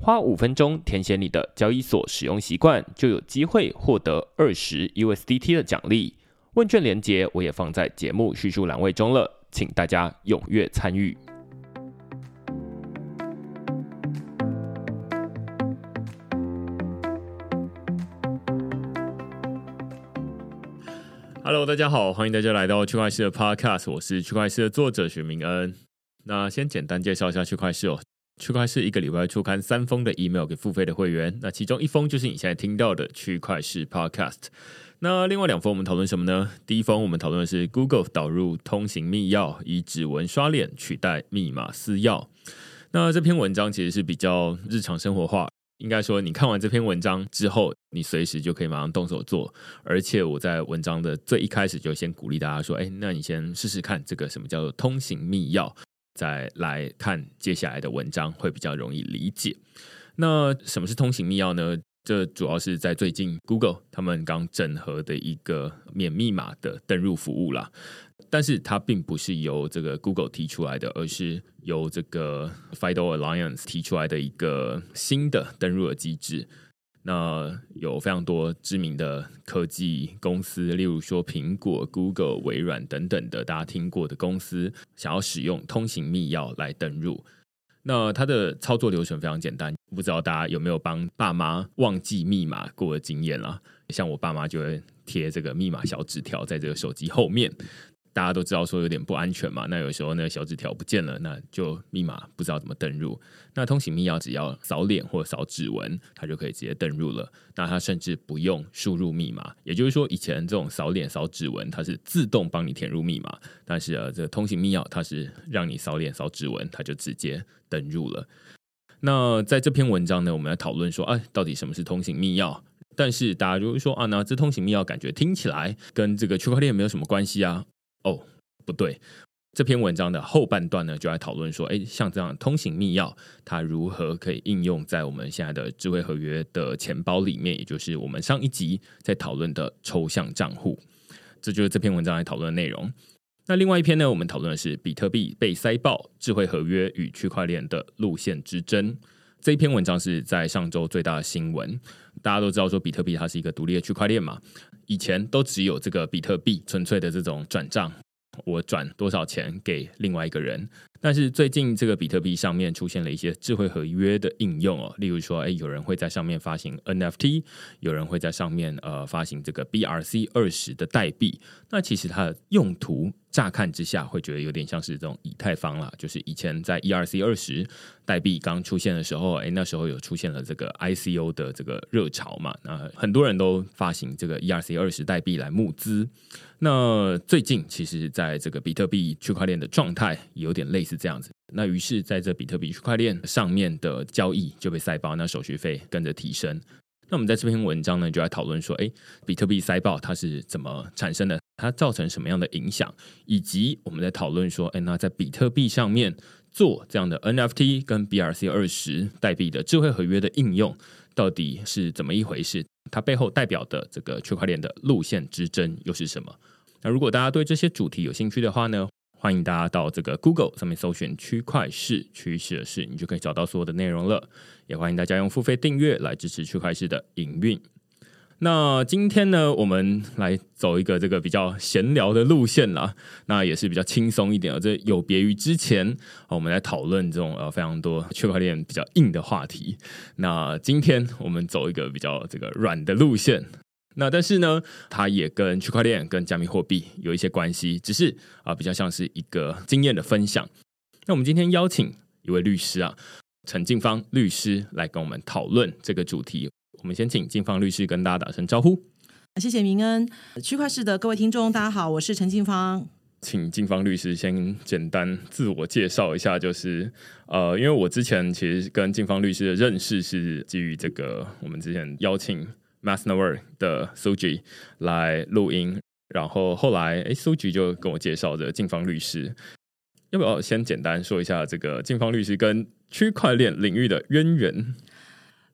花五分鐘填寫你的交易所使用習慣，就有機會獲得二十 USDT 的獎勵。問卷連結我也放在節目敘述欄位中了，請大家踴躍參與。Hello，大家好，歡迎大家來到區塊勢的 Podcast，我是區塊勢的作者許明恩。那先簡單介紹一下區塊勢哦。區塊勢一個禮拜出刊三封的 email 給付費的會員，那其中一封就是你現在聽到的區塊勢 podcast，那另外兩封我們討論什麼呢？第一封我們討論的是 Google 導入通行密鑰，以指紋刷臉取代密碼私鑰。那這篇文章其實是比較日常生活化，應該說你看完這篇文章之後，你隨時就可以馬上動手做。而且我在文章的最一開始就先鼓勵大家說，哎，那你先試試看這個什麼叫做通行密鑰。再來看接下來的文章會比較容易理解。那什麼是通行密鑰呢？這主要是在最近 Google 他們剛整合的一個免密碼的登入服務啦。但是它並不是由這個 Google 提出來的，而是由這個 FIDO Alliance 提出來的一個新的登入的機制。那有非常多知名的科技公司，例如說蘋果、Google、微軟等等的，大家聽過的公司，想要使用通行密鑰來登入。那它的操作流程非常簡單，不知道大家有沒有幫爸媽忘記密碼過的經驗啦、啊？像我爸媽就會貼這個密碼小紙條在這個手機後面。大家都知道說有點不安全嘛，那有時候那個小紙條不見了，那就密碼不知道怎麼登入。那通行密鑰只要掃臉或掃指紋，它就可以直接登入了。那它甚至不用輸入密碼，也就是說以前這種掃臉掃指紋，它是自動幫你填入密碼，但是啊，這個通行密鑰它是讓你掃臉掃指紋，它就直接登入了。那在這篇文章呢，我們來討論說，啊，哎，到底什麼是通行密鑰？但是大家如果說啊，那這通行密鑰感覺聽起來跟這個區塊鏈沒有什麼關係啊。哦，不對，這篇文章的後半段呢，就來討論說，誒，像這樣通行密鑰，它如何可以應用在我們現在的智慧合約的錢包裡面，也就是我們上一集在討論的抽象賬戶，這就是這篇文章來討論的內容。那另外一篇呢，我們討論的是比特幣被塞爆，智慧合約與區塊鏈的路線之爭。這一篇文章是在上周最大的新聞，大家都知道說，比特幣它是一個獨立的區塊鏈嘛。以前都只有這個比特幣，純粹的這種轉賬。我轉多少錢給另外一個人？但是最近這個比特幣上面出現了一些智慧合約的應用哦、喔，例如說、欸，有人會在上面發行 NFT，有人會在上面呃發行這個 BRC 二十的代幣。那其實它的用途，乍看之下會覺得有點像是這種以太坊啦，就是以前在 ERC 二十代幣剛出現的時候、欸，那時候有出現了這個 ICO 的這個熱潮嘛，那很多人都發行這個 ERC 二十代幣來募資。那最近其實，在這個比特幣區塊鏈的狀態也有點類似這樣子。那於是，在這比特幣區塊鏈上面的交易就被塞爆，那手續費跟着提升。那我們在這篇文章呢，就來討論說，哎，比特幣塞爆它是怎麼產生的？它造成什麼樣的影響？以及我們在討論說，哎，那在比特幣上面做這樣的 NFT 跟 BRC20 代幣的智慧合約的應用，到底是怎麼一回事？它背後代表的這個區塊鏈的路線之爭又是什麼？那如果大家對這些主題有興趣的話呢，歡迎大家到這個 Google 上面搜尋“區塊勢，趨勢的勢”你就可以找到所有的內容了。也歡迎大家用付費訂閱來支持區塊勢的營運。那今天呢，我們來走一個這個比較閒聊的路線啦，那也是比較輕鬆一點啊，這有別於之前我們來討論這種呃非常多區塊鏈比較硬的話題。那今天我們走一個比較這個軟的路線，那但是呢，它也跟區塊鏈跟加密貨幣有一些關係，只是啊比較像是一個經驗的分享。那我們今天邀請一位律師啊，陳靜芳律師來跟我們討論這個主題。我們先請靜芳律師跟大家打聲招呼。謝謝明恩，區塊勢的各位聽眾，大家好，我是陳靜芳。請靜芳律師先簡單自我介紹一下，就是呃，因為我之前其實跟靜芳律師的認識是基於這個，我們之前邀請 Mass Network 的 SUGI 來錄音，然後後來哎，SUGI 就跟我介紹的靜芳律師。要不要先簡單說一下這個靜芳律師跟區塊鏈領域的淵源？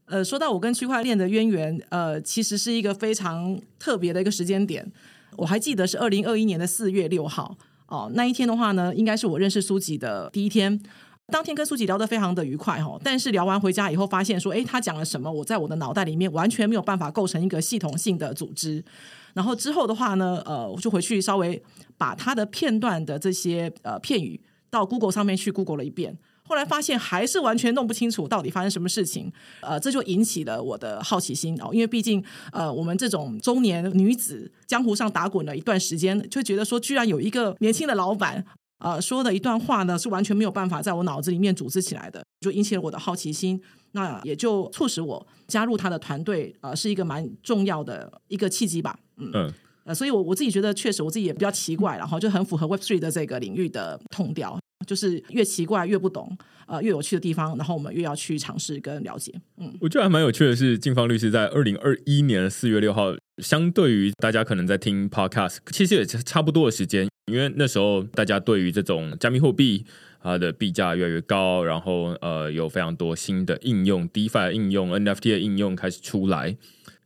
呃，說到我跟區塊鏈的淵源，呃，其實是一個非常特別的一個時間點。我還記得是二零二一年的四月六號，哦，那一天的話呢，應該是我認識蘇吉的第一天。當天跟蘇吉聊得非常的愉快，哈、哦，但是聊完回家以後，發現說，哎，他講了什麼？我在我的腦袋裡面完全沒有辦法構成一個系統性的組織。然後之後的話呢，呃，我就回去稍微把他的片段的這些呃片語到 Google 上面去 Google 了一遍。後來發現還是完全弄不清楚到底發生什麼事情，呃，這就引起了我的好奇心哦，因為畢竟呃，我們這種中年女子江湖上打滾了一段時間，就覺得說居然有一個年輕的老闆，呃，說的一段話呢是完全沒有辦法在我腦子裡面組織起來的，就引起了我的好奇心，那也就促使我加入他的團隊，呃，是一個蠻重要的一個契機吧，嗯。嗯呃，所以我，我我自己覺得，確實我自己也比較奇怪，然後就很符合 Web Three 的這個領域的痛點，就是越奇怪越不懂，呃，越有趣的地方，然後我們越要去嘗試跟了解。嗯，我覺得還蠻有趣的，是靜芳律師在二零二一年四月六號，相對於大家可能在聽 Podcast，其實也差不多的時間，因為那時候大家對於這種加密貨幣它的幣價越來越高，然後呃，有非常多新的應用，DeFi 應用、NFT 的應用開始出來。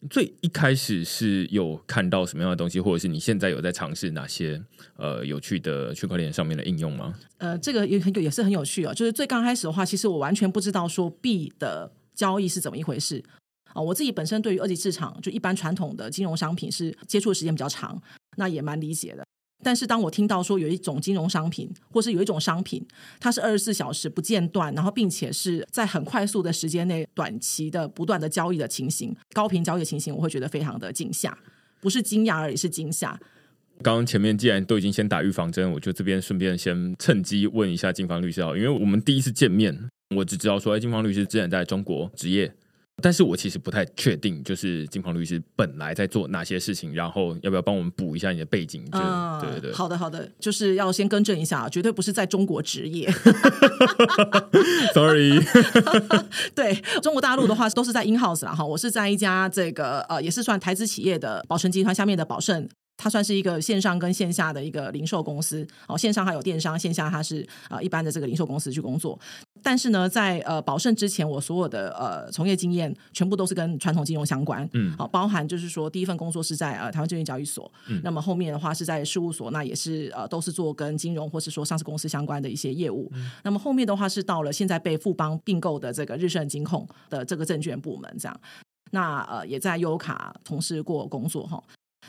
最一開始是有看到什麼樣的東西，或者是你現在有在嘗試哪些呃有趣的區塊鏈上面的應用嗎？呃，這個也很也是很有趣啊。就是最剛開始的話，其實我完全不知道說幣的交易是怎麼一回事啊。我自己本身對於二級市場，就一般傳統的金融商品是接觸的時間比較長，那也蠻理解的。但是當我聽到說有一種金融商品，或是有一種商品，它是二十四小時不間斷，然後並且是在很快速的時間內短期的不斷的交易的情形，高頻交易的情形，我會覺得非常的驚嚇，不是驚訝而已，是驚嚇。剛剛前面既然都已經先打預防針，我就這邊順便先趁機問一下靜芳律師啊，因為我們第一次見面，我只知道說，哎，靜芳律師之前在中國執業。但是我其實不太確定，就是靜芳律師本來在做哪些事情，然後要不要幫我們補一下你的背景？就、嗯、對對對，好的好的，就是要先更正一下，絕對不是在中國執業 ，sorry。 對中國大陸的話，都是在 in house 了哈。 我是在一家這個呃，也是算台資企業的寶成集團下面的寶勝，它算是一個線上跟線下的一個零售公司。哦，線上還有電商，線下它是啊、呃、一般的這個零售公司去工作。但是呢，在呃保盛之前，我所有的呃從業經驗全部都是跟傳統金融相關，嗯，好，包含就是說第一份工作是在呃台灣證券交易所，嗯、那麼後面的話是在事務所，那也是呃都是做跟金融或是說上市公司相關的一些業務，嗯、那麼後面的話是到了現在被富邦併購的這個日盛金控的這個證券部門，這樣，那呃也在優卡從事過工作哈。吼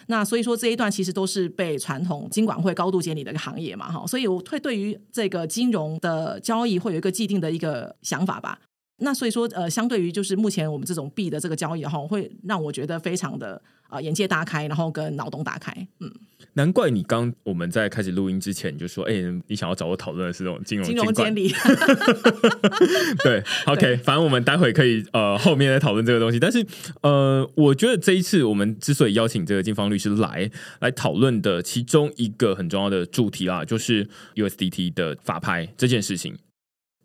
那所以說這一段其實都是被傳統金管會高度建立的一個行業嘛，哈，所以我會對於這個金融的交易會有一個既定的一個想法吧。那所以說，呃，相對於就是目前我們這種幣的這個交易哈，會讓我覺得非常的呃眼界大開，然後跟腦洞大開。嗯，難怪你剛我們在開始錄音之前就說，哎、欸，你想要找我討論的是這種金融金融監理。 對，OK，對，反正我們待會可以呃後面來討論這個東西。但是呃，我覺得這一次我們之所以邀請這個靜芳律師來來討論的其中一個很重要的主題啊，就是 USDT 的法拍這件事情。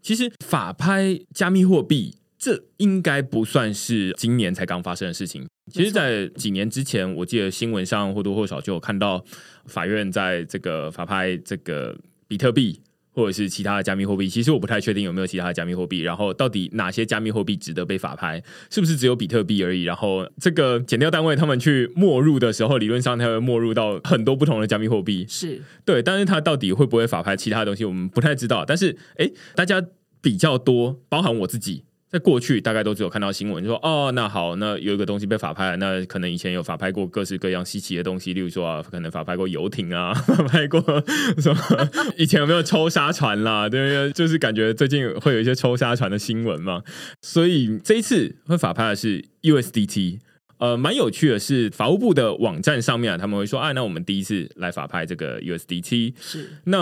其實法拍加密貨幣，這應該不算是今年才剛發生的事情。其實在幾年之前，我記得新聞上或多或少就有看到法院在這個法拍這個比特幣。或者是其他的加密貨幣，其實我不太確定有沒有其他的加密貨幣。然後到底哪些加密貨幣值得被法拍，是不是只有比特幣而已？然後這個檢調單位，他們去沒入的時候，理論上他會沒入到很多不同的加密貨幣。是，對，但是它到底會不會法拍其他的東西，我們不太知道。但是誒、欸，大家比較多，包含我自己。在過去大概都只有看到新聞，就說哦，那好，那有一個東西被法拍了。那可能以前有法拍過各式各樣稀奇的東西，例如說啊，可能法拍過遊艇啊，法拍過什麼？以前有沒有抽沙船啦？對不對？就是感覺最近會有一些抽沙船的新聞嘛。所以這一次會法拍的是 USDT。呃，蠻有趣的是，法務部的網站上面啊，他們會說，啊，那我們第一次來法拍這個 USDT。是，那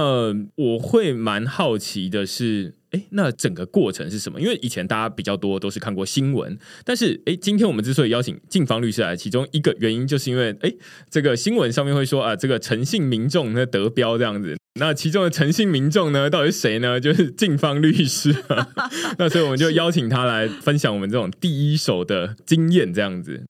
我會蠻好奇的是。哎，那整個過程是什麼？因為以前大家比較多都是看過新聞，但是哎，今天我們之所以邀請靜芳律師來，其中一個原因就是因為哎，這個新聞上面會說啊，這個陳姓民眾那得標這樣子，那其中的陳姓民眾呢，到底是誰呢？就是靜芳律師， 那所以我們就邀請他來分享我們這種第一手的經驗這樣子。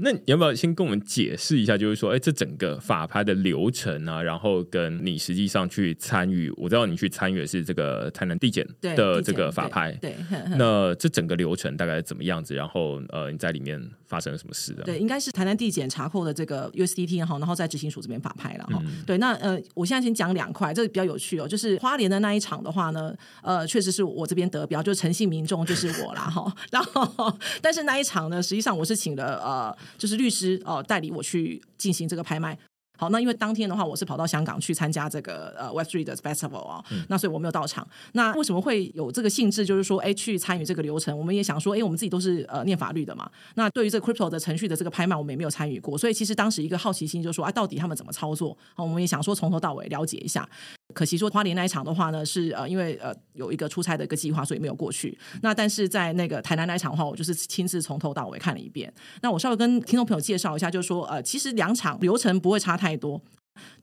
那你要不要先跟我們解釋一下，就是說，哎，這整個法拍的流程啊，然後跟你實際上去參與，我知道你去參與的是這個台南地檢的這個法拍，對，對對呵呵，那這整個流程大概怎麼樣子？然後呃，你在裡面。發生了什麼事的？對，應該是台南地檢查扣的這個 USDT，然後在執行署這邊法拍了哈。嗯、對，那呃，我現在先講兩塊，這個、比較有趣哦。就是花蓮的那一場的話呢，呃，確實是我這邊得標，就是陳姓民眾就是我啦。哈。 然後，但是那一場呢，實際上我是請了呃，就是律師哦、呃、代理我去進行這個拍賣。好，那因為當天的話，我是跑到香港去參加這個呃 Web3 的 Festival 啊、哦，嗯、那所以我沒有到場。那為什麼會有這個興致，就是說，哎，去參與這個流程？我們也想說，哎，我們自己都是呃念法律的嘛，那對於這個 crypto 的程序的這個拍賣，我們也沒有參與過，所以其實當時一個好奇心，就是說，哎、啊，到底他們怎麼操作？好，我們也想說，從頭到尾了解一下。可惜說，花蓮那一場的話呢，是呃，因為呃，有一個出差的一個計劃，所以沒有過去。那但是在那個台南那一場的話，我就是親自從頭到尾看了一遍。那我稍微跟聽眾朋友介紹一下，就是說，呃，其實兩場流程不會差太多，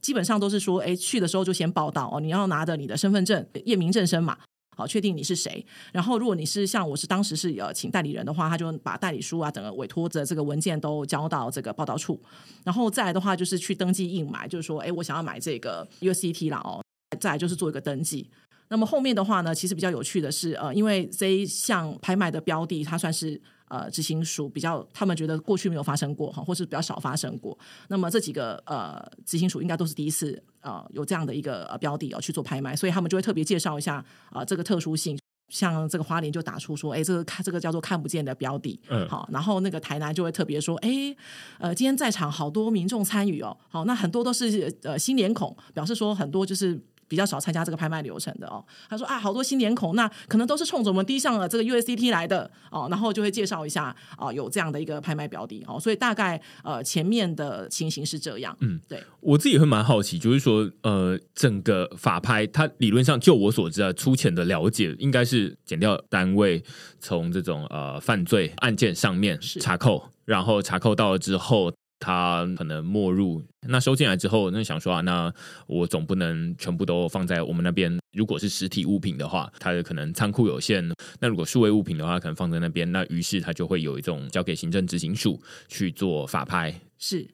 基本上都是說，哎，去的時候就先報到哦，你要拿着你的身份證、驗明正身嘛，好，確定你是誰。然後，如果你是像我是當時是呃請代理人的話，他就把代理書啊，整個委托的這個文件都交到這個報到處。然後再來的話，就是去登記應買，就是說，哎，我想要買這個 USDT 了哦。再，就是做一個登記，那麼後面的話呢，其實比較有趣的是，呃，因為這一項拍賣的標的，它算是呃執行署比較，他們覺得過去沒有發生過哈，或是比較少發生過。那麼這幾個呃執行署應該都是第一次呃有這樣的一個、呃、標的哦、呃、去做拍賣，所以他們就會特別介紹一下啊、呃、這個特殊性。像這個花蓮就打出說，誒，這個看這個叫做看不見的標的，嗯，好，然後那個台南就會特別說，誒，呃，今天在場好多民眾參與哦，好，那很多都是呃新臉孔，表示說很多就是。比較少參加這個拍賣流程的哦，他說啊，好多新臉孔，那可能都是衝着我們滴上了這個 USDT 來的哦，然後就會介紹一下哦，有這樣的一個拍賣標的哦，所以大概呃前面的情形是這樣，嗯，對，我自己會蠻好奇，就是說呃，整個法拍，它理論上就我所知啊，嗯、粗淺的了解，應該是檢調單位從這種呃犯罪案件上面查扣，是然後查扣到了之後。他可能沒入，那收進來之後，那想說啊，那我總不能全部都放在我們那邊。如果是實體物品的話，它可能倉庫有限；那如果數位物品的話，他可能放在那邊。那於是他就會有一種交給行政執行署去做法拍。是，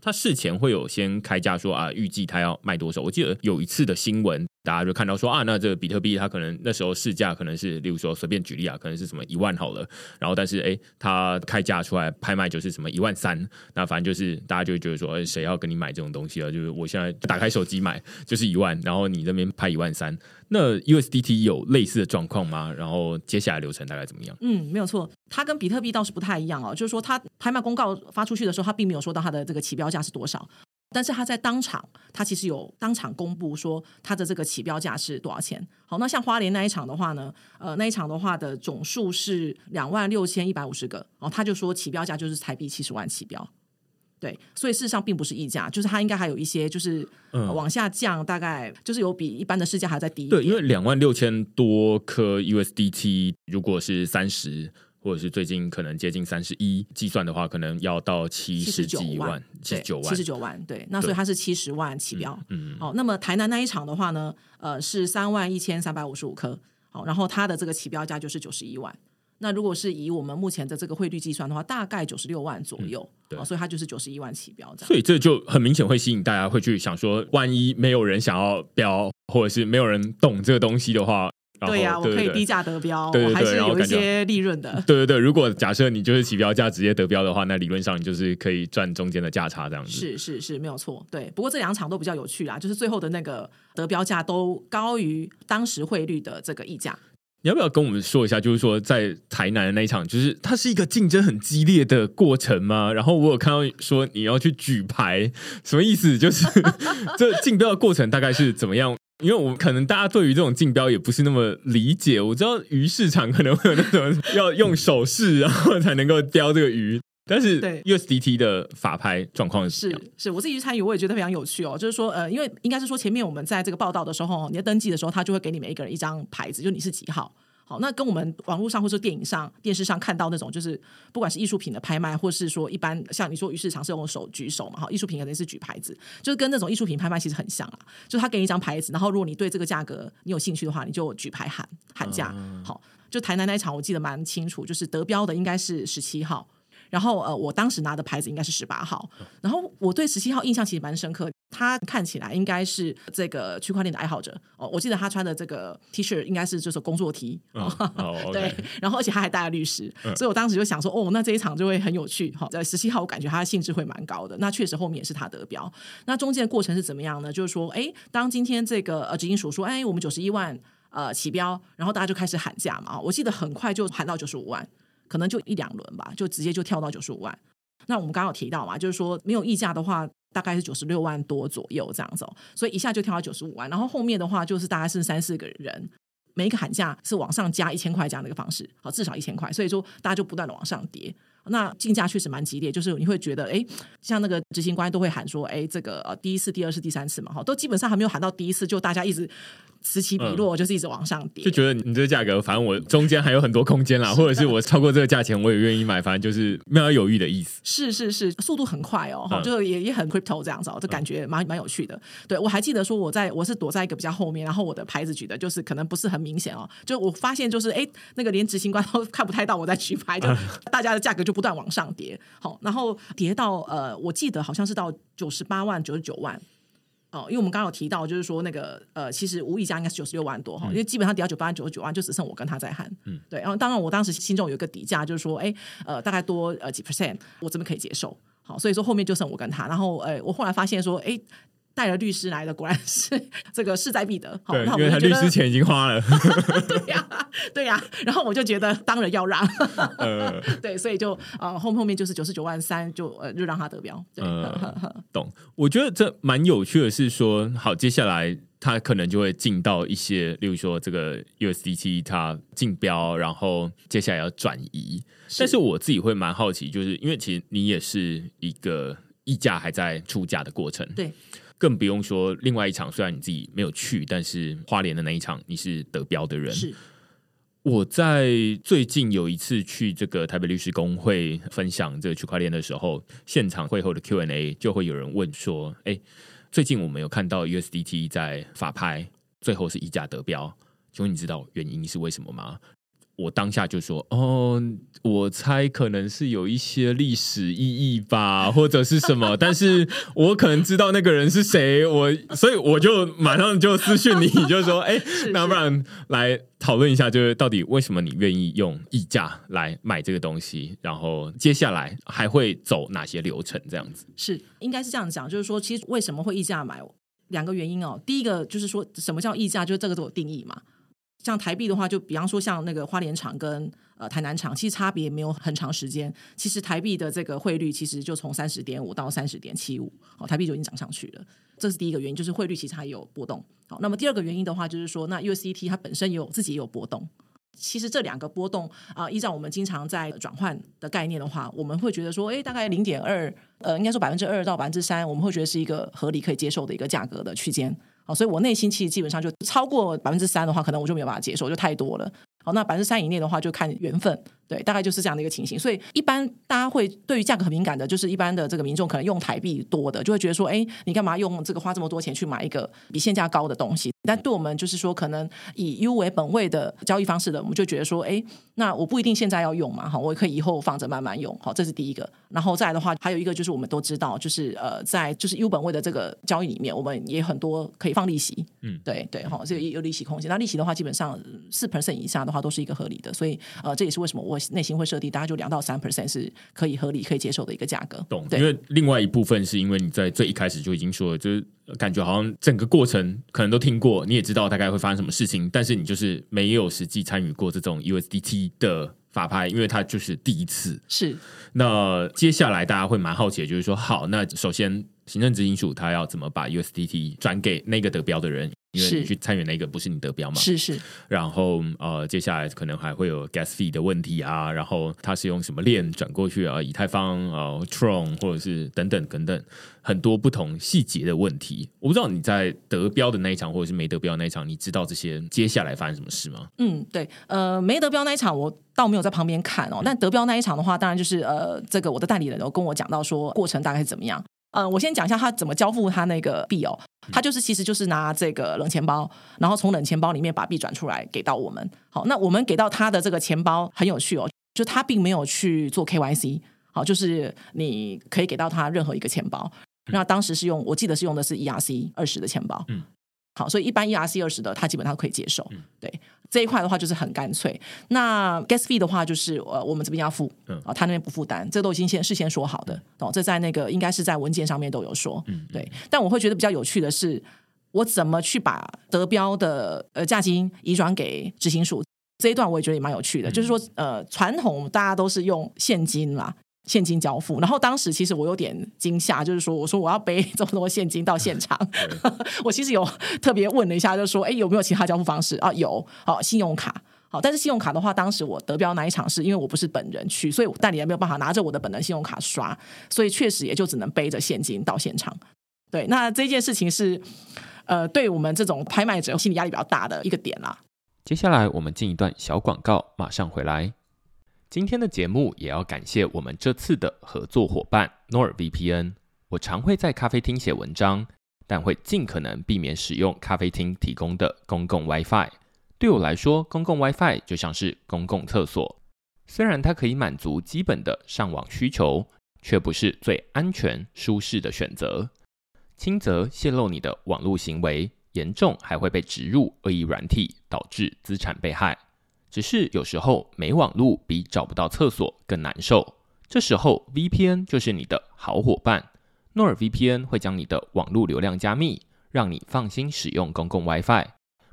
他事前會有先開價說啊，預計他要賣多少？我記得有一次的新聞。大家就看到說啊，那這個比特幣它可能那時候市價可能是，例如說隨便舉例啊，可能是什麼一萬好了。然後但是哎，它開價出來拍賣就是什麼一萬三，那反正就是大家就會覺得說，哎，誰要跟你買這種東西啊？就是我現在打開手機買就是一萬，然後你這邊拍一萬三。那 USDT 有類似的狀況嗎？然後接下來流程大概怎麼樣？嗯，沒有錯，它跟比特幣倒是不太一樣哦，就是說它拍賣公告發出去的時候，它並沒有說到它的這個起標價是多少。但是他在當場，他其實有當場公布說他的這個起標價是多少錢。好，那像花蓮那一場的話呢，呃，那一場的話的總數是兩萬六千一百五十個，然後他就說起標價就是台幣七十萬起標。對，所以事實上並不是溢價，就是他應該還有一些就是、嗯、往下降，大概就是有比一般的市價還再低一點。對，因為兩萬六千多顆 USDT 如果是三十。或者是最近可能接近三十一，計算的話，可能要到七十幾萬，七十九萬，七十九萬。對，對，那所以它是七十萬起標。對。嗯，好，哦，那麼台南那一場的話呢，呃，是三萬一千三百五十五顆。好，哦，然後它的這個起標價就是九十一萬。那如果是以我們目前的這個匯率計算的話，大概九十六萬左右。嗯，對，哦，所以它就是九十一萬起標這樣。所以這就很明顯會吸引大家會去想說，萬一沒有人想要標，或者是沒有人懂這個東西的話。對呀、啊，我可以低價得標，對對對，我還是有一些利潤的，對對對。對對對，如果假設你就是起標價直接得標的話，那理論上你就是可以賺中間的價差這樣子。是是是，沒有錯。對，不過這兩場都比較有趣啊，就是最後的那個得標價都高於當時匯率的這個溢價。你要不要跟我們說一下，就是說在台南的那一場，就是它是一個競爭很激烈的過程嗎？然後我有看到說你要去舉牌，什麼意思？就是 這競標的過程大概是怎麼樣？因為我可能大家對於這種競標也不是那麼理解，我知道魚市場可能會有那種要用手勢然後才能夠雕這個魚，但是對 USDT 的法拍狀況是是，是，我自己去參與我也覺得非常有趣哦，就是說呃，因為應該是說前面我們在這個報道的時候，你在登記的時候，他就會給你每個人一張牌子，就你是幾號。好，那跟我們網絡上或者電影上、電視上看到那種，就是不管是藝術品的拍賣，或是說一般像你說，魚市場是用手舉手嘛，好，藝術品肯定是舉牌子，就是跟那種藝術品拍賣其實很像啊，就他給你一張牌子，然後如果你對這個價格你有興趣的話，你就舉牌喊喊價。好，就台南那一場我記得蠻清楚，就是得標的應該是十七號，然後呃，我當時拿的牌子應該是十八號，然後我對十七號印象其實蠻深刻的。他看起來應該是這個區塊鏈的愛好者哦，我記得他穿的這個 T 恤應該是就是工作 T，、哦哦、 對，哦 okay. 然後而且他還帶了律師，嗯、所以我當時就想說，哦，那這一場就會很有趣、哦、在十七號，我感覺他的興致會蠻高的，那確實後面也是他得標。那中間的過程是怎麼樣呢？就是說，哎，當今天這個呃執行署說，哎，我們九十一萬呃起標，然後大家就開始喊價嘛。我記得很快就喊到九十五萬，可能就一兩輪吧，就直接就跳到九十五萬。那我們剛剛有提到嘛，就是說沒有溢價的話。大概是九十六萬多左右這樣子哦，所以一下就跳到九十五萬，然後後面的話就是大概是三四個人，每一個喊價是往上加一千塊這樣的一個方式，好，至少一千塊，所以說大家就不斷的往上跌，那競價確實蠻激烈，就是你會覺得哎，像那個執行官都會喊說，哎，這個第一次、第二次、第三次嘛，哈，都基本上還沒有喊到第一次，就大家一直。此起彼落，嗯、就是一直往上跌，就覺得你這個價格，反正我中間還有很多空間啦， 是或者是我超過這個價錢，我也願意買，反正就是沒有猶豫的意思。是是是，速度很快哦，嗯、就也也很 crypto 這樣子，哦，嗯、就感覺蠻蠻、嗯、有趣的。對我還記得說，我在我是躲在一個比較後面，然後我的牌子舉的，就是可能不是很明顯哦。就我發現，就是哎、欸，那個連執行官都看不太到我在舉牌就，就、嗯、大家的價格就不斷往上疊，好、哦，然後疊到呃，我記得好像是到九十八萬、九十九萬。哦，因為我們剛剛有提到，就是說那個呃，其實無溢價應該是九十六萬多哈，嗯、因為基本上底價九八萬、九十九萬，就只剩我跟他在喊，嗯、對。然後當然我當時心中有一個底價，就是說，誒，呃，大概多呃幾 percent，我這邊可以接受。好，所以說後面就剩我跟他，然後誒，我後來發現說，誒。帶了律師來的，果然是這個勢在必得。好對，因為他律師錢已經花了。 對呀、啊，對呀、啊。然後我就覺得，當然要讓。呃、 對，所以就呃後後面就是九十九萬三，就呃就讓他得標。嗯，呃、呵呵懂。我覺得這蠻有趣的是說，好，接下來他可能就會進到一些，例如說這個 USDT 他競標，然後接下來要轉移。是但是我自己會蠻好奇，就是因為其實你也是一個溢價還在出價的過程，對。更不用說另外一場，雖然你自己沒有去，但是花蓮的那一場你是得標的人。是我在最近有一次去這個台北律師公會分享這個區塊鏈的時候，現場會後的 Q&A 就會有人問說：“哎、欸，最近我們有看到 USDT 在法拍，最後是溢價得標，請問你知道原因是為什麼嗎？”我當下就說哦，我猜可能是有一些歷史意義吧，或者是什麼， 但是我可能知道那個人是誰，我所以我就馬上就私訊你，就說哎，欸、是是那不然來討論一下，就是到底為什麼你願意用溢價來買這個東西，然後接下來還會走哪些流程？這樣子是應該是這樣講，就是說其實為什麼會溢價買，兩個原因哦。第一個就是說什麼叫溢價，就是這個都有定義嘛。像台幣的話，就比方說像那個花蓮場跟呃台南場，其實差別沒有很長時間。其實台幣的這個匯率，其實就從三十點五到三十點七五，台幣就已經漲上去了。這是第一個原因，就是匯率其實它有波動。好，那麼第二個原因的話，就是說那 USDT 它本身也有自己也有波動。其實這兩個波動啊、呃，依照我們經常在轉換的概念的話，我們會覺得說，哎，大概零點二，呃，應該說百分之二到百分之三，我們會覺得是一個合理可以接受的一個價格的區間。好，所以我內心其實基本上就超過百分之三的話，可能我就沒有辦法接受，就太多了。好，那百分之三以內的話，就看緣分。對，大概就是這樣的一個情形，所以一般大家會對於價格很敏感的，就是一般的這個民眾可能用台幣多的，就會覺得說，哎，你幹嘛用這個花這麼多錢去買一個比現價高的東西？但對我們就是說，可能以 U 為本位的交易方式的，我們就覺得說，哎，那我不一定現在要用嘛，哈，我可以以後放着慢慢用，好，這是第一個。然後再來的話，還有一個就是我們都知道，就是呃，在就是 U 本位的這個交易裡面，我們也很多可以放利息，嗯，對對，這個也有利息空間。那利息的話，基本上四 percent 以下的話都是一個合理的，所以呃，這也是為什麼我。內心會設定，大家就兩到三 percent 是可以合理、可以接受的一個價格。懂，對。因為另外一部分是因為你在最一開始就已經說了，就是感覺好像整個過程可能都聽過，你也知道大概會發生什麼事情，但是你就是沒有實際參與過這種 USDT 的法拍，因為它就是第一次。是。那接下來大家會蠻好奇的，就是說，好，那首先行政執行署他要怎麼把 USDT 轉給那個得標的人？因為你去參與那個，不是你得標嘛？是是。然後呃，接下來可能還會有 gas fee 的問題啊，然後它是用什麼鏈轉過去啊？以太坊啊、呃、Tron 或者是等等等等很多不同細節的問題。我不知道你在得標的那一場或者是沒得標那一場，你知道這些接下來發生什麼事嗎？嗯，對，呃，沒得標那一場我倒沒有在旁邊看哦。那、嗯、得標那一場的話，當然就是呃，這個我的代理人都跟我講到說過程大概是怎麼樣。嗯，我先講一下他怎麼交付他那個幣哦，他就是其實就是拿這個冷錢包，然後從冷錢包裡面把幣轉出來給到我們。好，那我們給到他的這個錢包很有趣哦，就他並沒有去做 KYC，好，就是你可以給到他任何一個錢包，嗯、那當時是用我記得是用的是 ERC 二十的錢包，嗯。好，所以一般 ERC 二十的，他基本上可以接受。嗯、對這一塊的話，就是很乾脆。那 gas fee 的話，就是呃，我們這邊要付，啊、嗯哦，他那邊不負擔，這都已經先事先說好的。哦，這在那個應該是在文件上面都有說。嗯，對。但我會覺得比較有趣的是，我怎麼去把得標的呃價金移轉給執行署？這一段我也覺得也蠻有趣的，嗯、就是說呃，傳統大家都是用現金啦。現金交付，然後當時其實我有點驚嚇，就是說，我說我要背這麼多現金到現場。 對 我其實有特別問了一下，就說，哎，有沒有其他交付方式？啊，有，好，信用卡，好，但是信用卡的話，當時我得標那一場是，因為我不是本人去，所以代理人沒有辦法拿着我的本人信用卡刷，所以確實也就只能背着現金到現場。對，那這件事情是，呃，對我們這種拍賣者心理壓力比較大的一個點啦。接下來我們進一段小廣告，馬上回來。今天的節目也要感謝我們這次的合作夥伴 NordVPN。我常會在咖啡廳寫文章，但會盡可能避免使用咖啡廳提供的公共 WiFi。對我來說，公共 WiFi 就像是公共廁所，雖然它可以滿足基本的上網需求，卻不是最安全、舒適的選擇。輕則泄露你的網絡行為，嚴重還會被植入惡意軟體，導致資產被駭。只是有時候沒網路比找不到廁所更難受。這時候 VPN 就是你的好夥伴。NordVPN 會將你的網路流量加密，讓你放心使用公共 WiFi，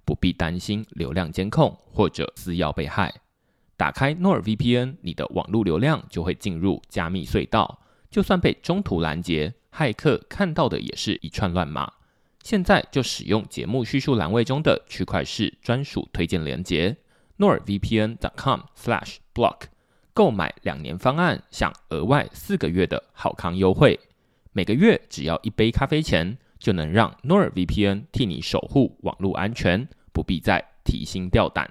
不必擔心流量監控或者私鑰被駭。打開 NordVPN，你的網路流量就會進入加密隧道，就算被中途攔截，駭客看到的也是一串亂碼。現在就使用節目敘述欄位中的區塊勢專屬推薦連結。NordVPN.com/block 購買兩年方案，享額外四個月的好康優惠，每個月只要一杯咖啡錢，就能讓 NordVPN 替你守護網絡安全，不必再提心吊膽。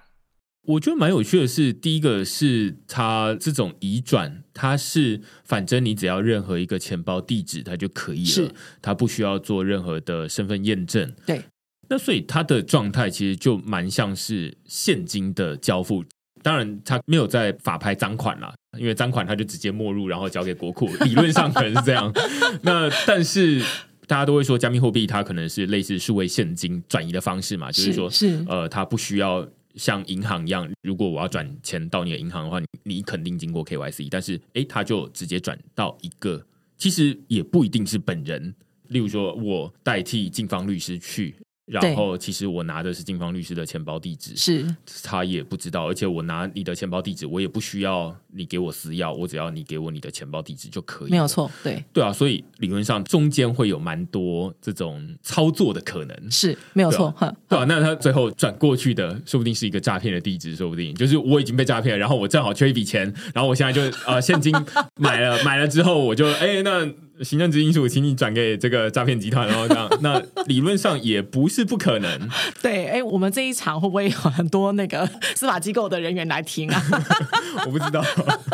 我覺得蠻有趣的是，第一個是它這種移轉，它是反正你只要任何一個錢包地址，它就可以了，是它不需要做任何的身份驗證。對。那所以他的狀態其實就蠻像是現金的交付，當然他沒有在法拍贓款啦，因為贓款他就直接沒入，然後交給國庫，理論上可能是這樣。 那但是大家都會說加密貨幣它可能是類似數位現金轉移的方式嘛，就是說是，呃，它不需要像銀行一樣，如果我要轉錢到你的銀行的話，你肯定經過 KYC，但是哎，他就直接轉到一個，其實也不一定是本人，例如說我代替靜芳律師去。然後，其實我拿的是靜芳律師的錢包地址，是，他也不知道。而且我拿你的錢包地址，我也不需要你給我私鑰，我只要你給我你的錢包地址就可以。沒有錯，對，對啊，所以理論上中間會有蠻多這種操作的可能，是沒有錯。對啊，那他最後轉過去的，說不定是一個詐騙的地址，說不定就是我已經被詐騙了，然後我正好缺一筆錢，然後我現在就呃現金買了 買了之後，我就哎、欸、那。行政執行署，請你轉給這個詐騙集團，然後這樣，那理論上也不是不可能。 對，哎，我們這一場會不會有很多那個司法機構的人員來聽啊？ 我不知道。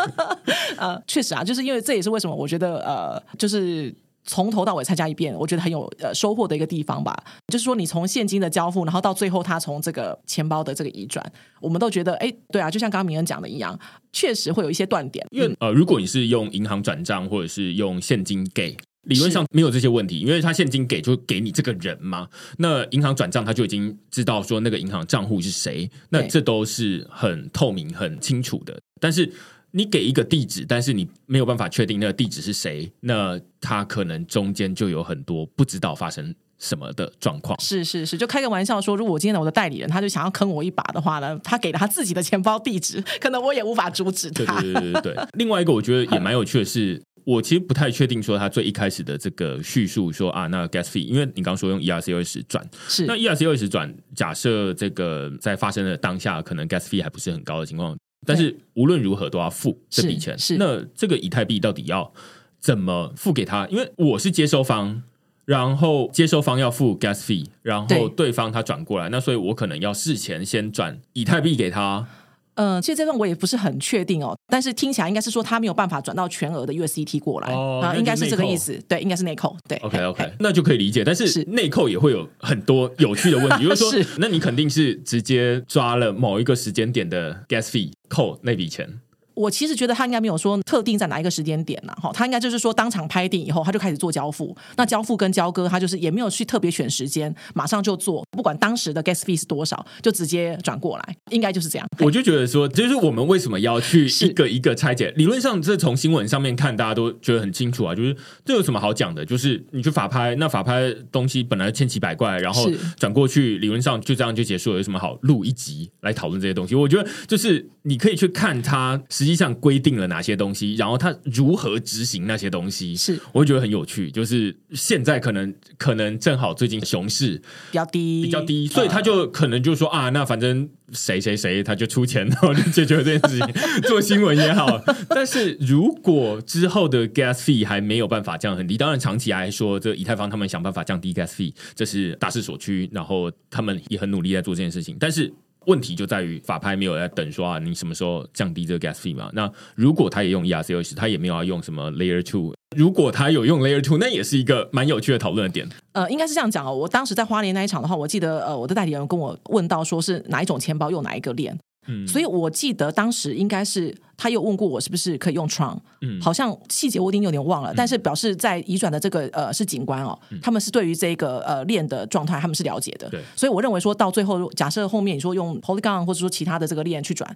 呃，確實啊，就是因為這也是為什麼我覺得呃，就是。從頭到尾參加一遍，我覺得很有呃收穫的一個地方吧。就是說，你從現金的交付，然後到最後他從這個錢包的這個移轉，我們都覺得誒，對啊，就像剛剛明恩講的一樣，確實會有一些斷點。因為呃，如果你是用銀行轉賬或者是用現金給，理論上沒有這些問題，是因為他現金給就給你這個人嘛。那銀行轉賬他就已經知道說那個銀行賬戶是誰，那這都是很透明、很清楚的。但是。你給一個地址，但是你沒有辦法確定那個地址是誰，那他可能中間就有很多不知道發生什麼的狀況。是是是，就開個玩笑說，如果我今天的我的代理人他就想要坑我一把的話呢，他給了他自己的錢包地址，可能我也無法阻止他。對對對對對。 另外一個我覺得也蠻有趣的是，我其實不太確定說他最一開始的這個敘述說啊，那 gas fee，因為你剛剛說用 ERC20 轉，是，那 ERC20 轉，假設這個在發生的當下，可能 gas fee 還不是很高的情況。但是無論如何都要付這筆錢，是，是。那這個以太幣到底要怎麼付給他？因為我是接收方，然後接收方要付 gas fee，然後對方他轉過來，對那所以我可能要事前先轉以太幣給他。嗯、呃，其實這份我也不是很確定哦，但是聽起來應該是說他沒有辦法轉到全額的 USDT 過來啊，哦嗯、應該是這個意思，扣對，應該是內扣，對，OK OK，嘿嘿那就可以理解，但是內扣也會有很多有趣的問題，是就是說， 是那你肯定是直接抓了某一個時間點的 gas fee 扣那筆錢。我其實覺得他應該沒有說特定在哪一個時間點吶，哈，他應該就是說當場拍定以後，他就開始做交付。那交付跟交割，他就是也沒有去特別選時間，馬上就做，不管當時的 gas fee 是多少，就直接轉過來，應該就是這樣。我就覺得說，就是我們為什麼要去一個一個拆解？理論上，這從新聞上面看，大家都覺得很清楚啊，就是這有什麼好講的？就是你去法拍，那法拍東西本來千奇百怪，然後轉過去，理論上就這樣就結束了，有什麼好錄一集來討論這些東西？我覺得，就是你可以去看他。實際上規定了哪些東西，然後他如何執行那些東西，是，我會覺得很有趣。就是現在可能可能正好最近熊市比較低，比較低，呃、所以他就可能就說啊，那反正誰誰誰他就出錢，然後就解決這件事情。 做新聞也好，但是如果之後的 gas fee 還沒有辦法降很低，當然長期來說，這以太坊他們想辦法降低 gas fee，這是大勢所趨，然後他們也很努力在做這件事情，但是。問題就在於法拍沒有在等說啊，你什麼時候降低這個 gas fee 嘛？那如果他也用 ERC20，他也沒有要用什麼 Layer Two。如果他有用 Layer Two，那也是一個蠻有趣的討論點。呃，應該是這樣講哦。我當時在花蓮那一場的話，我記得呃，我的代理人跟我問到說是哪一種錢包用哪一個鏈。嗯、所以我記得當時應該是他有問過我是不是可以用 Tron。嗯，好像細節我已經有點忘了，嗯、但是表示在移轉的這個呃是警官哦，嗯、他們是對於這個呃鏈的狀態他們是了解的，對所以我認為說到最後，假設後面你說用 Polygon 或者說其他的這個鏈去轉，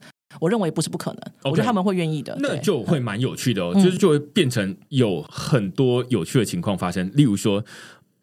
我認為不是不可能，okay, 我覺得他們會願意的，那就會蠻有趣的哦，嗯、就是就會變成有很多有趣的情況發生，嗯、例如說。.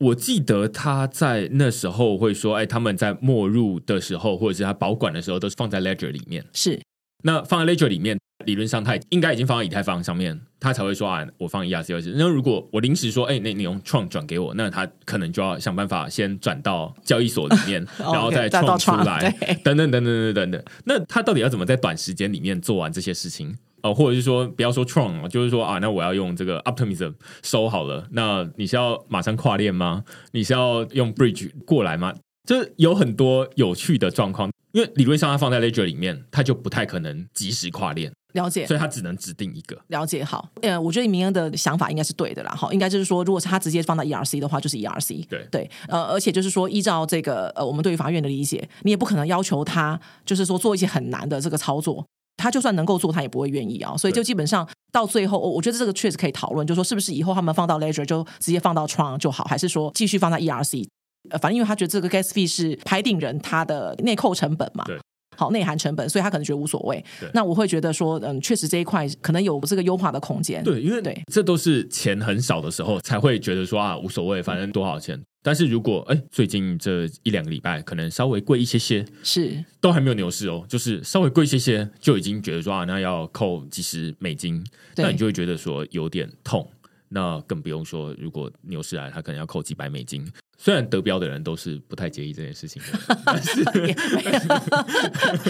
我記得他在那時候會說：“哎，他們在沒入的時候，或者是他保管的時候，都是放在 Ledger 裡面。是，那放在 Ledger 裡面，理論上他應該已經放在以太坊上面，他才會說啊，我放 ERC20。那如果我臨時說，哎，那你用創轉給我，那他可能就要想辦法先轉到交易所裡面， 然後再創出來， 等，等等等等等等等。那他到底要怎麼在短時間裡面做完這些事情？”哦、呃，或者是說不要說 tron 啊，就是說啊，那我要用這個 optimism 收好了。那你是要馬上跨鏈嗎？你是要用 bridge 過來嗎？就有很多有趣的狀況，因為理論上它放在 Ledger 裡面，它就不太可能即時跨鏈。了解，所以它只能指定一個。了解好，嗯，我覺得明恩的想法應該是對的啦。好，應該就是說，如果是他直接放到 ERC 的話，就是 ERC 對。對對，呃，而且就是說，依照這個呃，我們對於法院的理解，你也不可能要求他就是說做一些很難的這個操作。他就算能夠做，他也不會願意啊、哦，所以就基本上到最後，哦、我覺得這個確實可以討論，就說是不是以後他們放到 Ledger 就直接放到 Tron 就好，還是說繼續放在 ERC？、呃、反正因為他覺得這個 Gas Fee 是拍定人他的內扣成本嘛，對，好內含成本，所以他可能覺得無所謂。對那我會覺得說，嗯，確實這一塊可能有這個優化的空間。對，因為對，這都是錢很少的時候才會覺得說啊，無所謂，反正多少錢。嗯但是如果哎、欸，最近這一兩個禮拜可能稍微貴一些些，是都還沒有牛市哦，就是稍微貴一些些，就已經覺得說啊，那要扣幾十美金，對那你就會覺得說有點痛，那更不用說如果牛市來，它可能要扣幾百美金。雖然得標的人都是不太介意這件事情，但是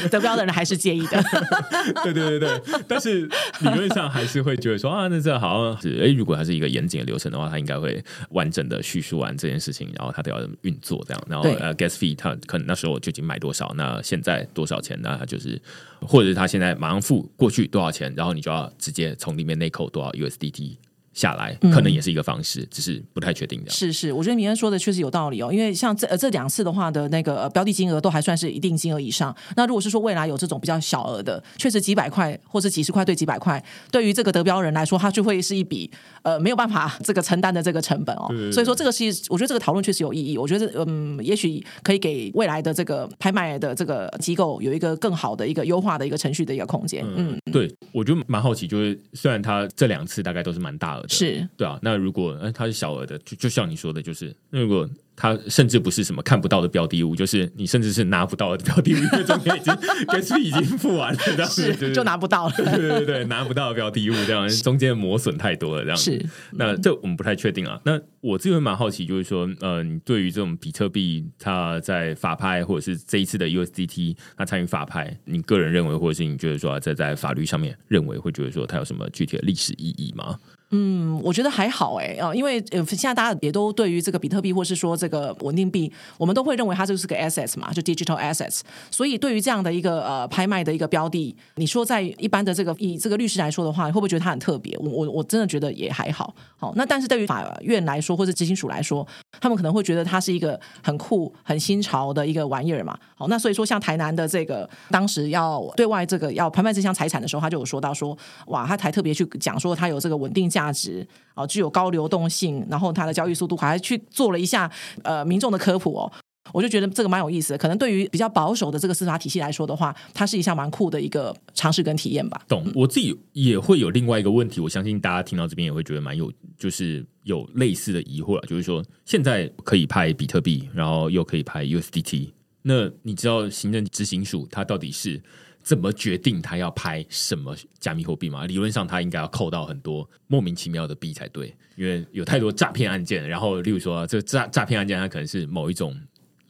有 得標的人還是介意的。 對對對對，但是理論上還是會覺得說啊，那這好像是誒，如果它是一個嚴謹的流程的話，他應該會完整的敘述完這件事情，然後他都要運作這樣，然後呃對、uh,，gas fee 他可能那時候究竟買多少，那現在多少錢，那它就是，或者是他現在馬上付過去多少錢，然後你就要直接從裡面內扣多少 USDT。下來可能也是一個方式，嗯、只是不太確定的。是是，我覺得明恩說的確實有道理哦，因為像這呃這兩次的話的那個、呃、標的金額都還算是一定金額以上。那如果是說未來有這種比較小額的，確實幾百塊或是幾十塊對幾百塊，對於這個得標人來說，他就會是一筆呃沒有辦法這個承擔的這個成本哦。嗯、所以說這個是我覺得這個討論確實有意義。我覺得嗯，也許可以給未來的這個拍賣的這個機構有一個更好的一個優化的一個程序的一個空間。嗯，嗯對，我覺得蠻好奇，就是雖然他這兩次大概都是蠻大的。是，對啊，那如果哎，它是小額的，就就像你說的，就是如果它甚至不是什麼看不到的標的物，就是你甚至是拿不到的標的物，因為中間已經跟幣 已經付完了，這樣子，就拿不到了， 對，對對對，拿不到的標的物這樣， 是中間磨損太多了，這樣子、嗯、那這我們不太確定啊。那我自己會蠻好奇，就是說，嗯、呃，你對於這種比特幣，它在法拍或者是這一次的 USDT 它參與法拍，你個人認為，或者是你覺得說、啊，在在法律上面認為，會覺得說它有什麼具體的歷史意義嗎？嗯，我覺得還好哎，哦，因為現在大家也都對於這個比特幣或是說這個穩定幣，我們都會認為它就是個 assets 嘛，就 digital assets。所以對於這樣的一個呃拍賣的一個標的，你說在一般的這個以這個律師來說的話，你會不會覺得它很特別？我我我真的覺得也還好。好，那但是對於法院來說或者執行署來說，他們可能會覺得它是一個很酷很新潮的一個玩意兒嘛。好，那所以說，像台南的這個當時要對外這個要拍賣這項財產的時候，他就有說到說，哇，他才特別去講說他有這個穩定價。價值啊，具有高流動性，然後它的交易速度，還去做了一下呃民眾的科普哦，我就覺得這個蠻有意思的。可能對於比較保守的這個司法體系來說的話，它是一項蠻酷的一個嘗試跟體驗吧。懂，我自己也會有另外一個問題，我相信大家聽到這邊也會覺得蠻有，就是有類似的疑惑了，啊，就是說現在可以拍比特幣，然後又可以拍 USDT，那你知道行政執行署它到底是？怎麼決定他要拍什麼加密貨幣嗎？理論上他應該要扣到很多莫名其妙的幣才對，因為有太多詐騙案件。然後，例如說啊，這詐詐騙案件，它可能是某一種，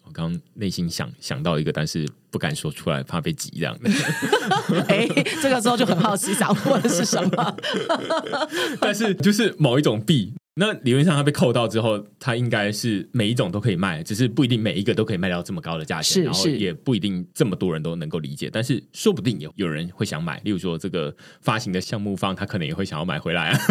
我剛內心想想到一個，但是不敢說出來，怕被擠這樣的 這個時候就很好奇想問是什麼， 但是就是某一種幣。那理論上，它被扣到之後，它應該是每一種都可以賣，只是不一定每一個都可以賣到這麼高的價錢，是，是。然後也不一定這麼多人都能夠理解。但是說不定有有人會想買，例如說這個發行的項目方，他可能也會想要買回來啊。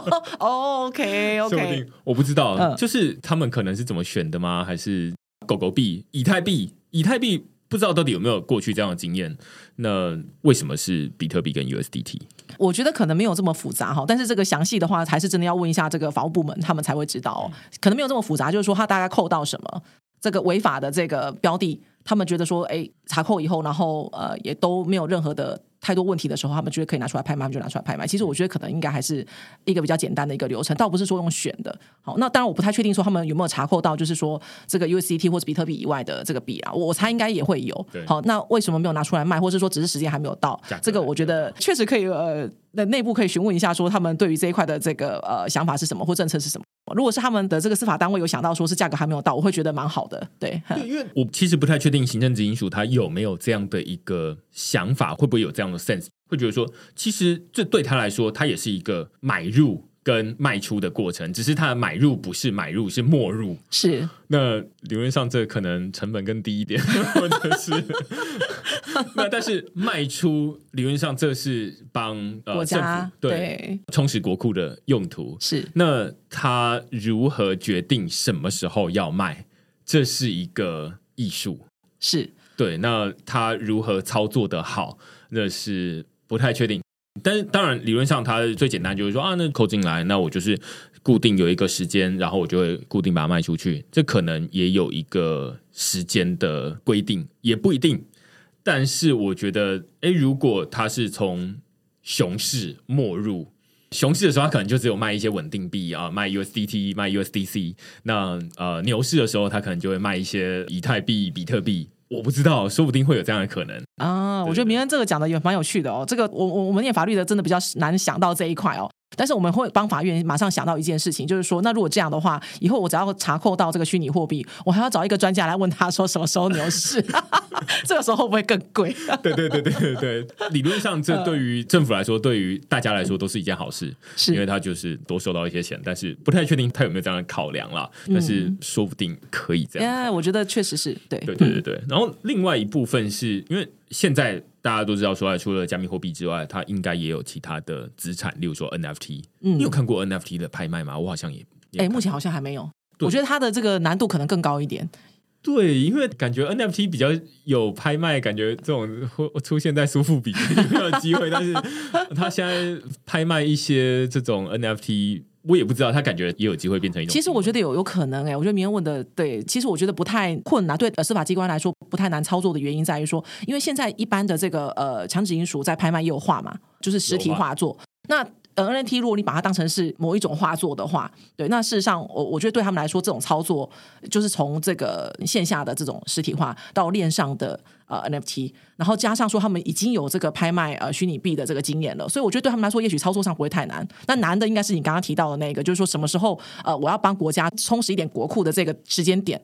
Oh, OK, OK，說不定我不知道，uh. 就是他們可能是怎麼選的嗎？還是狗狗幣、以太幣、以太幣？不知道到底有沒有過去這樣的經驗？那為什麼是比特幣跟 USDT？我覺得可能沒有這麼複雜哈，但是這個詳細的話，還是真的要問一下這個法務部門，他們才會知道。可能沒有這麼複雜，就是說他大概扣到什麼這個違法的這個標的，他們覺得說，誒、欸、查扣以後，然後呃，也都沒有任何的。太多問題的時候，他們覺得可以拿出來拍賣，他們就拿出來拍賣。其實我覺得可能應該還是一個比較簡單的一個流程，倒不是說用選的。好，那當然我不太確定說他們有沒有查扣到，就是說這個 USDT 或是比特幣以外的這個幣啊，我猜應該也會有。對好，那為什麼沒有拿出來賣，或是說只是時間還沒有到？個這個我覺得確實可以呃，那內部可以詢問一下，說他們對於這一塊的這個呃想法是什麼或政策是什麼。如果是他們的這個司法單位有想到說是價格還沒有到，我會覺得蠻好的，對。對，因為我其實不太確定行政執行署他有沒有這樣的一個想法，會不會有這樣的 sense，會覺得說，其實這對他來說，他也是一個買入跟賣出的過程，只是他的買入不是買入，是沒入。是。那理論上這可能成本更低一點，或者是。 那 但是賣出理論上這是幫呃國家政府對，對充實國庫的用途是。那他如何決定什麼時候要賣，這是一個藝術是對，那他如何操作得好那是不太確定，但是當然理論上他最簡單就是說啊，那扣進來那我就是固定有一個時間，然後我就會固定把它賣出去，這可能也有一個時間的規定也不一定。但是我覺得，誒，如果他是從熊市沒入，熊市的時候他可能就只有賣一些穩定幣啊、呃，賣 USDT US、賣 USDC。那呃，牛市的時候他可能就會賣一些以太幣、比特幣。我不知道，說不定會有這樣的可能啊。對我覺得明恩這個講的也蠻有趣的哦。這個我我我們念法律的真的比較難想到這一塊哦。但是我們會幫法院馬上想到一件事情，就是說，那如果這樣的話，以後我只要查扣到這個虛擬貨幣，我還要找一個專家來問他說什麼時候牛市， 這個時候會不會更貴？ 對對對對對對，理論上這對於政府來說，對於大家來說都是一件好事，是因為他就是多收到一些錢，但是不太確定他有沒有這樣的考量啦，但是說不定可以這樣。嗯、yeah, 我覺得確實是，對對，對對對對。嗯、然後另外一部分是因為。現在大家都知道，說除了加密貨幣之外，它應該也有其他的資產，例如說 NFT，嗯。你有看過 NFT 的拍賣嗎？我好像也，哎誒，目前好像還沒有。對我覺得它的這個難度可能更高一點。對，因為感覺 NFT 比較有拍賣，感覺這種會出現在蘇富比較有沒有機會？ 但是他現在拍賣一些這種 NFT。我也不知道，他感覺也有機會變成一種。其實我覺得有有可能誒、欸，我覺得明天問的對，其實我覺得不太困難，對司法機關來說不太難操作的原因在於說，因為現在一般的這個呃強制執行署在拍賣也有畫嘛，就是實體畫作話那。NFT 如果你把它當成是某一種畫作的話，對，那事實上，我我覺得對他們來說，這種操作就是從這個線下的這種實體化到鏈上的呃 NFT，然後加上說他們已經有這個拍賣呃虛擬幣的這個經驗了，所以我覺得對他們來說，也許操作上不會太難。那難的應該是你剛剛提到的那個，就是說什麼時候呃我要幫國家充實一點國庫的這個時間點。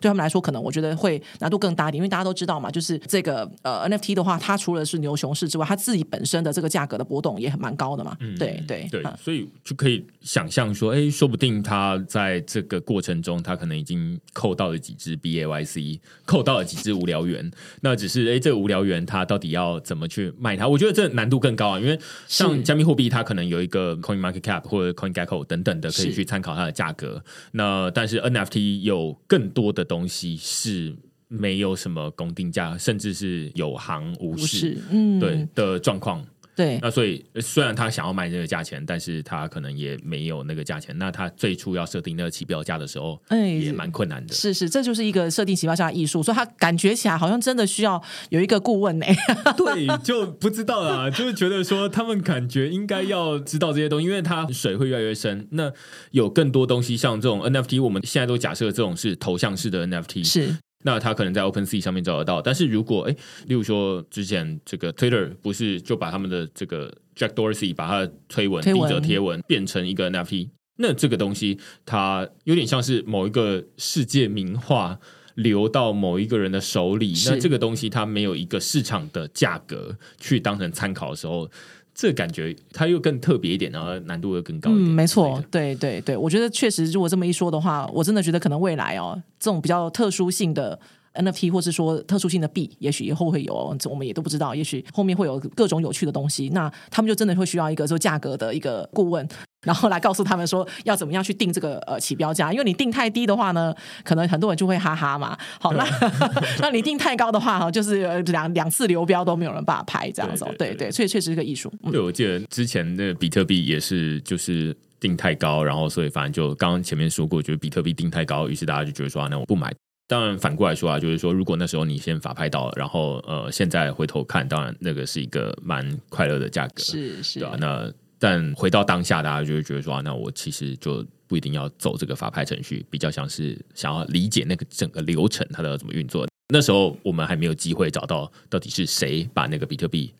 對他們來說，可能我覺得會難度更大一點，因為大家都知道嘛，就是這個呃 NFT 的話，它除了是牛熊市之外，它自己本身的這個價格的波動也很蠻高的嘛。嗯，對對對，對嗯、所以就可以想象說，哎，說不定他在這個過程中，他可能已經扣到了幾隻 BAYC，扣到了幾隻無聊猿。那只是哎，這個無聊猿它到底要怎麼去賣它？我覺得這難度更高啊，因為像加密貨幣，它可能有一個 Coin Market Cap 或者 Coin Gecko 等等的可以去參考它的價格。是那但是 NFT 有更多的東西是沒有什麼公定價，甚至是有行無市，嗯，對的狀況。對，那所以雖然他想要賣這個價錢，但是他可能也沒有那個價錢。那他最初要設定那個起標價的時候，哎、欸，也蠻困難的。是是，這就是一個設定起標價的藝術。所以他感覺起來好像真的需要有一個顧問呢、欸。對， 就不知道了啊，就是覺得說他們感覺應該要知道這些東西，因為它水會越來越深。那有更多東西，像這種 NFT，我們現在都假設這種是頭像式的 NFT。是。那他可能在 OpenSea 上面找得到，但是如果，哎，例如說之前這個 Twitter 不是就把他們的這個 Jack Dorsey 把他的推文，記文者貼文變成一個 NFT，那這個東西它有點像是某一個世界名畫流到某一個人的手裡，是那這個東西它沒有一個市場的價格去當成參考的時候。這感覺它又更特別一點，然後難度又更高一點。嗯，沒錯，對對對，我覺得確實，如果這麼一說的話，我真的覺得可能未來哦，這種比較特殊性的。NFT 或是說特殊性的幣，也許以後會，會有，我們也都不知道。也許後面會有各種有趣的東西。那他們就真的會需要一個做價格的一個顧問，然後來告訴他們說要怎麼樣去定這個呃起標價。因為你定太低的話呢，可能很多人就會哈哈嘛。好，那 那你定太高的話，哈，就是兩兩次流標都沒有人把它拍，這樣子。對對，對對，確確實是個藝術。對，我記得之前的比特幣也是，就是定太高，然後所以反正就剛剛前面說過，覺得比特幣定太高，於是大家就覺得說、啊，那我不買。當然，反過來說啊，就是說，如果那時候你先法拍到了，然後呃，現在回頭看，當然那個是一個蠻快樂的價格，是是，是對啊，那但回到當下啊，大家就會，是，覺得說，那我其實就不一定要走這個法拍程序，比較像是想要理解那個整個流程它的怎麼運作。那時候我們還沒有機會找到到底是誰把那個比特幣。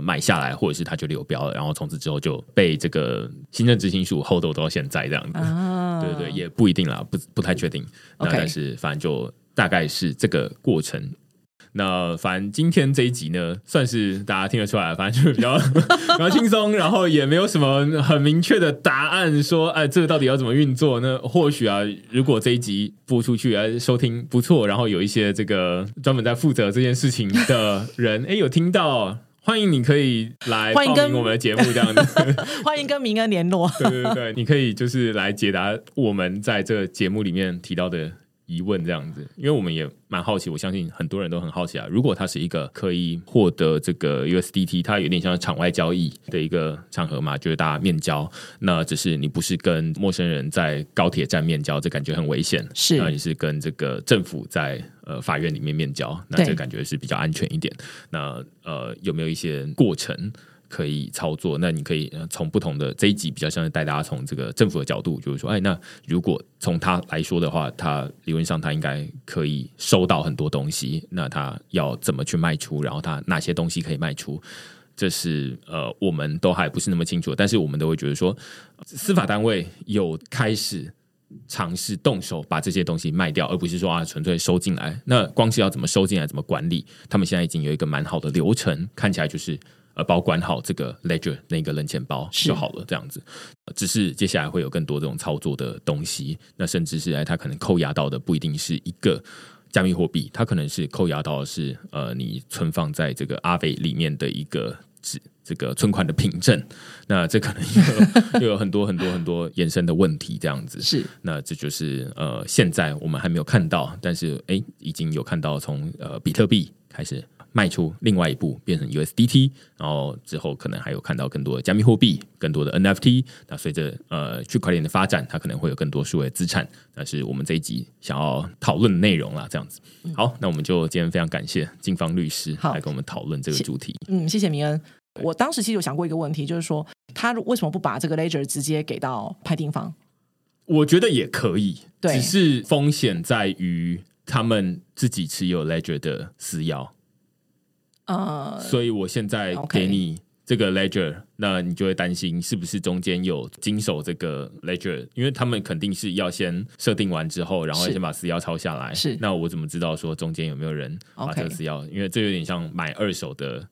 買下來，或者是他就流標了，然後從此之後就被這個行政執行署 hold 到到現在這樣子。啊、對對對，也不一定啦，不不太確定。那 Okay 但是反正就大概是這個過程。那反正今天這一集呢，算是大家聽得出來，反正就是比較 比較輕鬆，然後也沒有什麼很明確的答案說，說哎，這個到底要怎麼運作呢？那或許啊，如果這一集播出去，哎，收聽不錯，然後有一些這個專門在負責這件事情的人，哎，有聽到。歡迎，你可以來歡迎跟我們的節目這樣子。歡迎跟明恩聯絡。 對對對，你可以就是來解答我們在這個節目裡面提到的疑問這樣子。因為我們也蠻好奇，我相信很多人都很好奇啊。如果它是一個可以獲得這個 USDT，它有點像場外交易的一個場合嘛，就是大家面交，那只是你不是跟陌生人在高鐵站面交，這感覺很危險。是，那你是跟這個政府在，呃，法院裡面面交，那這感覺是比較安全一點。對那呃，有沒有一些過程可以操作？那你可以從不同的這一集比較像是帶大家從這個政府的角度，就是說，哎、欸，那如果從他來說的話，他理論上他應該可以收到很多東西。那他要怎麼去賣出？然後他哪些東西可以賣出？這是呃，我們都還不是那麼清楚，但是我們都會覺得說，司法單位有開始。嘗試動手把這些東西賣掉，而不是說啊純粹收進來。那光是要怎麼收進來，怎麼管理？他們現在已經有一個蠻好的流程，看起來就是呃，保管好這個 Ledger 那個冷錢包就好了，這樣子。是只是接下來會有更多這種操作的東西。那甚至是哎，它可能扣押到的不一定是一個加密貨幣，它可能是扣押到的是呃，你存放在這個阿偉裡面的一個紙。這個存款的憑證，那這可能又， 又有很多很多很多衍生的問題，這樣子是。那這就是呃，現在我們還沒有看到，但是哎，已經有看到從呃比特幣開始邁出另外一步，變成 USDT，然後之後可能還有看到更多的加密貨幣、更多的 NFT。那隨着呃區塊鏈的發展，它可能會有更多數位的資產。那是我們這一集想要討論的內容了，這樣子。好，那我們就今天非常感謝靜芳律師來跟我們討論這個主題。嗯，謝謝明恩。我當時其實有想過一個問題，就是說他為什麼不把這個 ledger 直接給到拍定方？我覺得也可以，對只是風險在於他們自己持有 ledger 的私鑰。呃，uh, 所以我現在給你這個 ledger，okay 那你就會擔心是不是中間有經手這個 ledger？因為他們肯定是要先設定完之後，然後先把私鑰抄下來。是，那我怎麼知道說中間有沒有人把這個私鑰？Okay 因為這有點像買二手的。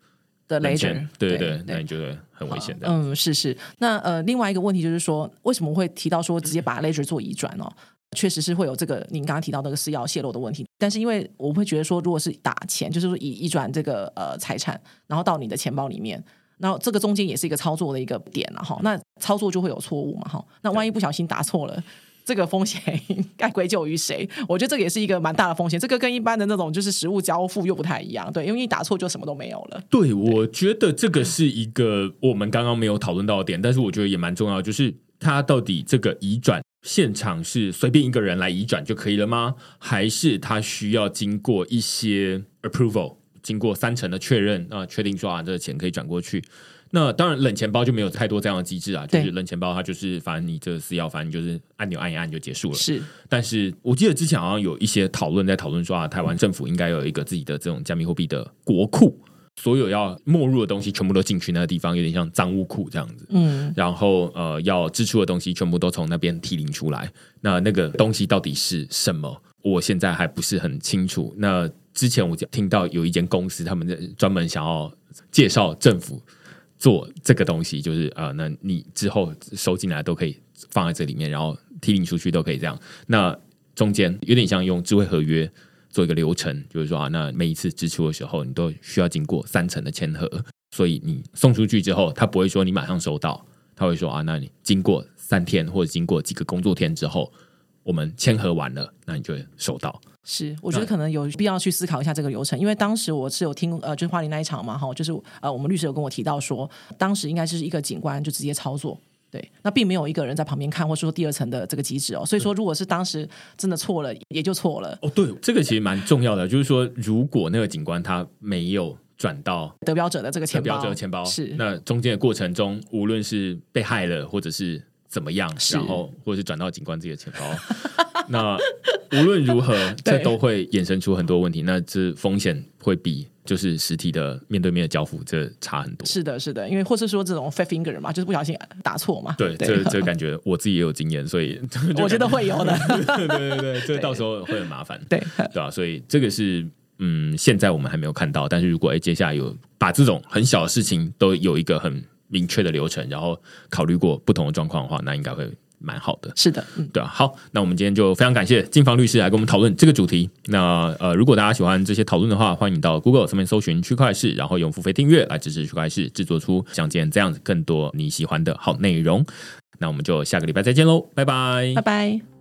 的 Ledger，對對，對，對，對，那你覺得很危險的？嗯，是是。那呃，另外一個問題就是說，為什麼會提到說直接把 Ledger 做移轉呢、哦？確實是會有這個您剛剛提到那個私鑰泄露的問題。但是因為我會覺得說，如果是打錢，就是說移移轉這個呃財產，然後到你的錢包裡面，然後這個中間也是一個操作的一個點、啊，然後那操作就會有錯誤嘛，哈，那萬一不小心打錯了。這個風險該歸咎於誰？我覺得這個也是一個蠻大的風險。這個跟一般的那種就是實物交付又不太一樣，對，因為你打錯就什麼都沒有了。對，我覺得這個是一個我們剛剛沒有討論到，對到的點，但是我覺得也蠻重要，就是他到底這個移轉現場是隨便一個人來移轉就可以了嗎？還是他需要經過一些 approval，經過三成的確認啊，確定說啊，這個錢可以轉過去。那當然，冷錢包就沒有太多這樣的機制啊。就是冷錢包它就是反正你這個私鑰，反正就是按鈕按一按就結束了。是，但是我記得之前好像有一些討論在討論說啊，台灣政府應該有一個自己的這種加密貨幣的國庫，所有要沒入的東西全部都進去那個地方，有點像贓物庫這樣子。嗯，然後呃，要支出的東西全部都從那邊提領出來。那那個東西到底是什麼？我現在還不是很清楚。那之前我聽到有一間公司他們在專門想要介紹政府。做這個東西就是呃，那你之後收進來都可以放在這裡面，然後提領出去都可以這樣。那中間有點像用智慧合約做一個流程，就是說啊，那每一次支出的時候，你都需要經過三層的簽核。所以你送出去之後，他不會說你馬上收到，他會說啊，那你經過三天或者經過幾個工作天之後，我們簽核完了，那你就會收到。是，我覺得可能有必要去思考一下這個流程，那因為當時我是有聽呃，就是花蓮那一場嘛，哈，就是呃，我們律師有跟我提到說，當時應該是一個警官就直接操作，對，那並沒有一個人在旁邊看，或是說第二層的這個機制哦，所以說如果是當時真的錯了，嗯、也就錯了。哦，對，這個其實蠻重要的， 就是說如果那個警官他沒有轉到得標者的這個錢包，得標者的錢包是那中間的過程中，無論是被駭了或者是怎麼樣，是然後或者是轉到警官自己的錢包， 那。 無論如何，這都會衍生出很多問題，對那這風險會比就是實體的面對面的交付這差很多。是的，是的，因為或是說這種 fat finger 嘛，就是不小心打錯嘛。對，這這對感覺我自己也有經驗，所以覺我覺得會有的。 對，對對對，這到時候會很麻煩。對，對，對啊，所以這個是嗯，現在我們還沒有看到，但是如果哎，接下來有把這種很小的事情都有一個很明確的流程，然後考慮過不同的狀況的話，那應該會。蠻好的，是的，嗯，對、啊、好，那我們今天就非常感謝靜芳律師來跟我們討論這個主題。那呃，如果大家喜歡這些討論的話，歡迎到 Google 上面搜尋“區塊勢”，然後用付費訂閱來支持區塊勢制作出像今天這樣子更多你喜歡的好內容。那我們就下個禮拜再見嘍，拜拜，拜拜。